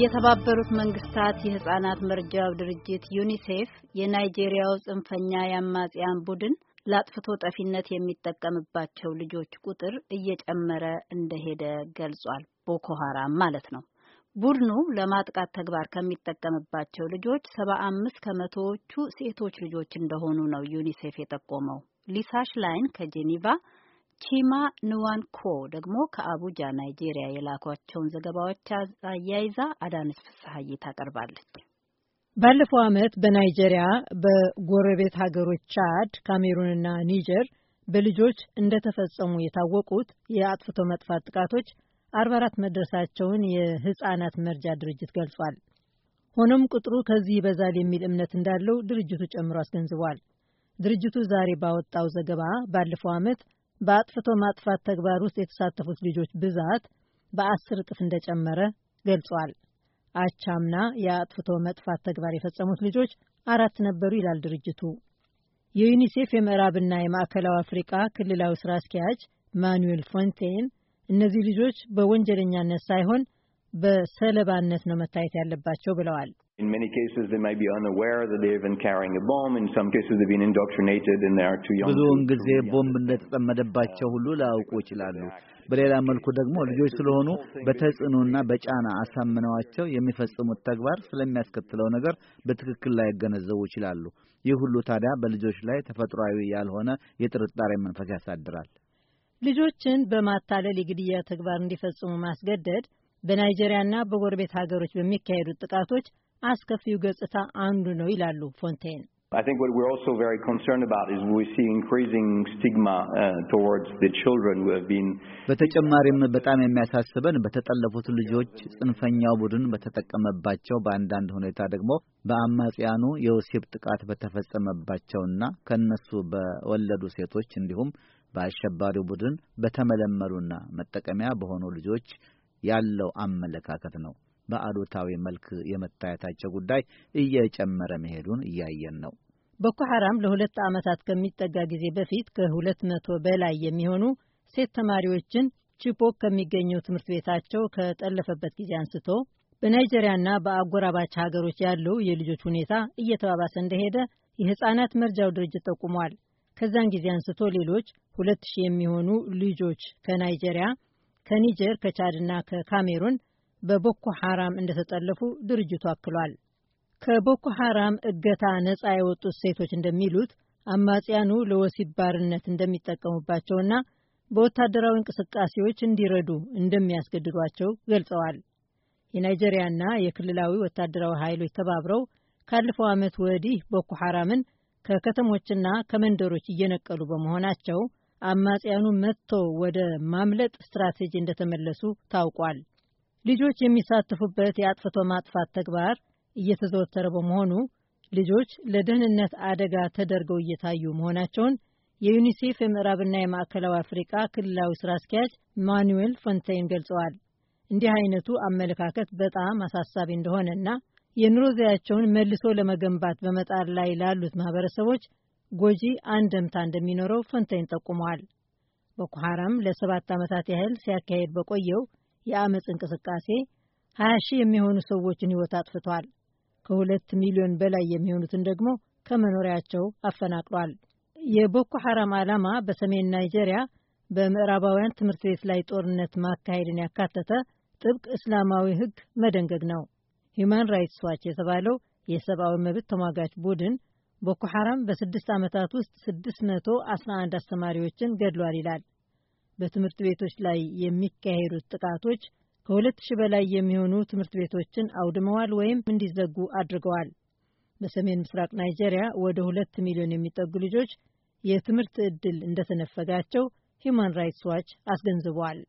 የተባበሩት መንግስታት የህጻናት መርጃው ድርጅት ዩኒሴፍ የናይጄሪያው ጽንፈኛ የአማጽያን ቡድን ለአጥፍቶ ጠፊነት የሚጠቀምባቸው ልጆች ቁጥር እየጨመረ እንደሄደ ገልጿል። ቦኮ ሀራም ማለት ነው። ቡድኑ ለማጥቃት ተግባር ከሚጠቀምባቸው ልጆች ሰባ አምስት ከመቶዎቹ ሴቶች ልጆች እንደሆኑ ነው ዩኒሴፍ የጠቆመው። ሊሳሽ ላይን ከጄኒቫ ቺማ ንዋንኮ ደግሞ ከአቡጃ ናይጄሪያ የላኳቸውን ዘገባዎች አያይዛ አዳነች ፍስሐዬ ታቀርባለች። ባለፈው ዓመት በናይጄሪያ በጎረቤት ሀገሮች ቻድ፣ ካሜሩንና ኒጀር በልጆች እንደተፈጸሙ የታወቁት የአጥፍቶ መጥፋት ጥቃቶች 44 መድረሳቸውን የህጻናት መርጃ ድርጅት ገልጿል። ሆኖም ቁጥሩ ከዚህ ይበዛል የሚል እምነት እንዳለው ድርጅቱ ጨምሮ አስገንዝቧል። ድርጅቱ ዛሬ ባወጣው ዘገባ ባለፈው ዓመት በአጥፍቶ ማጥፋት ተግባር ውስጥ የተሳተፉት ልጆች ብዛት በአስር እጥፍ እንደጨመረ ገልጿል። አቻምና የአጥፍቶ መጥፋት ተግባር የፈጸሙት ልጆች አራት ነበሩ ይላል ድርጅቱ። የዩኒሴፍ የምዕራብና የማዕከላዊ አፍሪቃ ክልላዊ ስራ አስኪያጅ ማኑዌል ፎንቴን እነዚህ ልጆች በወንጀለኛነት ሳይሆን በሰለባነት ነው መታየት ያለባቸው ብለዋል። ብዙውን ጊዜ ቦምብ እንደተጠመደባቸው ሁሉ ላያውቁ ይችላሉ። በሌላ መልኩ ደግሞ ልጆች ስለሆኑ በተጽዕኖና በጫና አሳምነዋቸው የሚፈጽሙት ተግባር ስለሚያስከትለው ነገር በትክክል ላይገነዘቡ ይችላሉ። ይህ ሁሉ ታዲያ በልጆች ላይ ተፈጥሯዊ ያልሆነ የጥርጣሬ መንፈስ ያሳድራል። ልጆችን በማታለል የግድያ ተግባር እንዲፈጽሙ ማስገደድ በናይጄሪያና በጎረቤት ሀገሮች በሚካሄዱት ጥቃቶች አስከፊው ገጽታ አንዱ ነው ይላሉ ፎንቴን። በተጨማሪም በጣም የሚያሳስበን በተጠለፉት ልጆች ጽንፈኛው ቡድን በተጠቀመባቸው በአንዳንድ ሁኔታ ደግሞ በአማጽያኑ የወሲብ ጥቃት በተፈጸመባቸውና ከእነሱ በወለዱ ሴቶች እንዲሁም በአሸባሪው ቡድን በተመለመሉና መጠቀሚያ በሆኑ ልጆች ያለው አመለካከት ነው በአሉታዊ መልክ የመታየታቸው ጉዳይ እየጨመረ መሄዱን እያየን ነው። ቦኮ ሐራም ለሁለት ዓመታት ከሚጠጋ ጊዜ በፊት ከሁለት መቶ በላይ የሚሆኑ ሴት ተማሪዎችን ቺፖክ ከሚገኘው ትምህርት ቤታቸው ከጠለፈበት ጊዜ አንስቶ በናይጄሪያና በአጎራባች ሀገሮች ያለው የልጆች ሁኔታ እየተባባሰ እንደሄደ የሕፃናት መርጃው ድርጅት ጠቁሟል። ከዛን ጊዜ አንስቶ ሌሎች ሁለት ሺህ የሚሆኑ ልጆች ከናይጄሪያ ከኒጀር ከቻድና ከካሜሩን በቦኮ ሐራም እንደተጠለፉ ድርጅቱ አክሏል። ከቦኮ ሐራም እገታ ነጻ የወጡት ሴቶች እንደሚሉት አማጽያኑ ለወሲብ ባርነት እንደሚጠቀሙባቸውና በወታደራዊ እንቅስቃሴዎች እንዲረዱ እንደሚያስገድዷቸው ገልጸዋል። የናይጄሪያና የክልላዊ ወታደራዊ ኃይሎች ተባብረው ካለፈው ዓመት ወዲህ ቦኮ ሐራምን ከከተሞችና ከመንደሮች እየነቀሉ በመሆናቸው አማጽያኑ መጥቶ ወደ ማምለጥ ስትራቴጂ እንደተመለሱ ታውቋል። ልጆች የሚሳተፉበት የአጥፍቶ ማጥፋት ተግባር እየተዘወተረ በመሆኑ ልጆች ለደህንነት አደጋ ተደርገው እየታዩ መሆናቸውን የዩኒሴፍ የምዕራብና የማዕከላዊ አፍሪቃ ክልላዊ ስራ አስኪያጅ ማኑዌል ፎንቴይን ገልጸዋል። እንዲህ አይነቱ አመለካከት በጣም አሳሳቢ እንደሆነና የኑሮ ዘያቸውን መልሶ ለመገንባት በመጣር ላይ ላሉት ማህበረሰቦች ጎጂ አንደምታ እንደሚኖረው ፈንተይን ጠቁመዋል። ቦኮ ሐራም ለሰባት ዓመታት ያህል ሲያካሄድ በቆየው የአመፅ እንቅስቃሴ 20 ሺህ የሚሆኑ ሰዎችን ሕይወት አጥፍቷል። ከሁለት ሚሊዮን በላይ የሚሆኑትን ደግሞ ከመኖሪያቸው አፈናቅሏል። የቦኮ ሐራም ዓላማ በሰሜን ናይጄሪያ በምዕራባውያን ትምህርት ቤት ላይ ጦርነት ማካሄድን ያካተተ ጥብቅ እስላማዊ ሕግ መደንገግ ነው። ሂዩማን ራይትስ ዋች የተባለው የሰብአዊ መብት ተሟጋች ቡድን ቦኮ ሐራም በስድስት ዓመታት ውስጥ 11 አስተማሪዎችን ገድሏል ይላል። በትምህርት ቤቶች ላይ የሚካሄዱት ጥቃቶች ከሁለት ሺህ በላይ የሚሆኑ ትምህርት ቤቶችን አውድመዋል ወይም እንዲዘጉ አድርገዋል። በሰሜን ምስራቅ ናይጄሪያ ወደ ሁለት ሚሊዮን የሚጠጉ ልጆች የትምህርት ዕድል እንደተነፈጋቸው ሂዩማን ራይትስ ዋች አስገንዝቧል።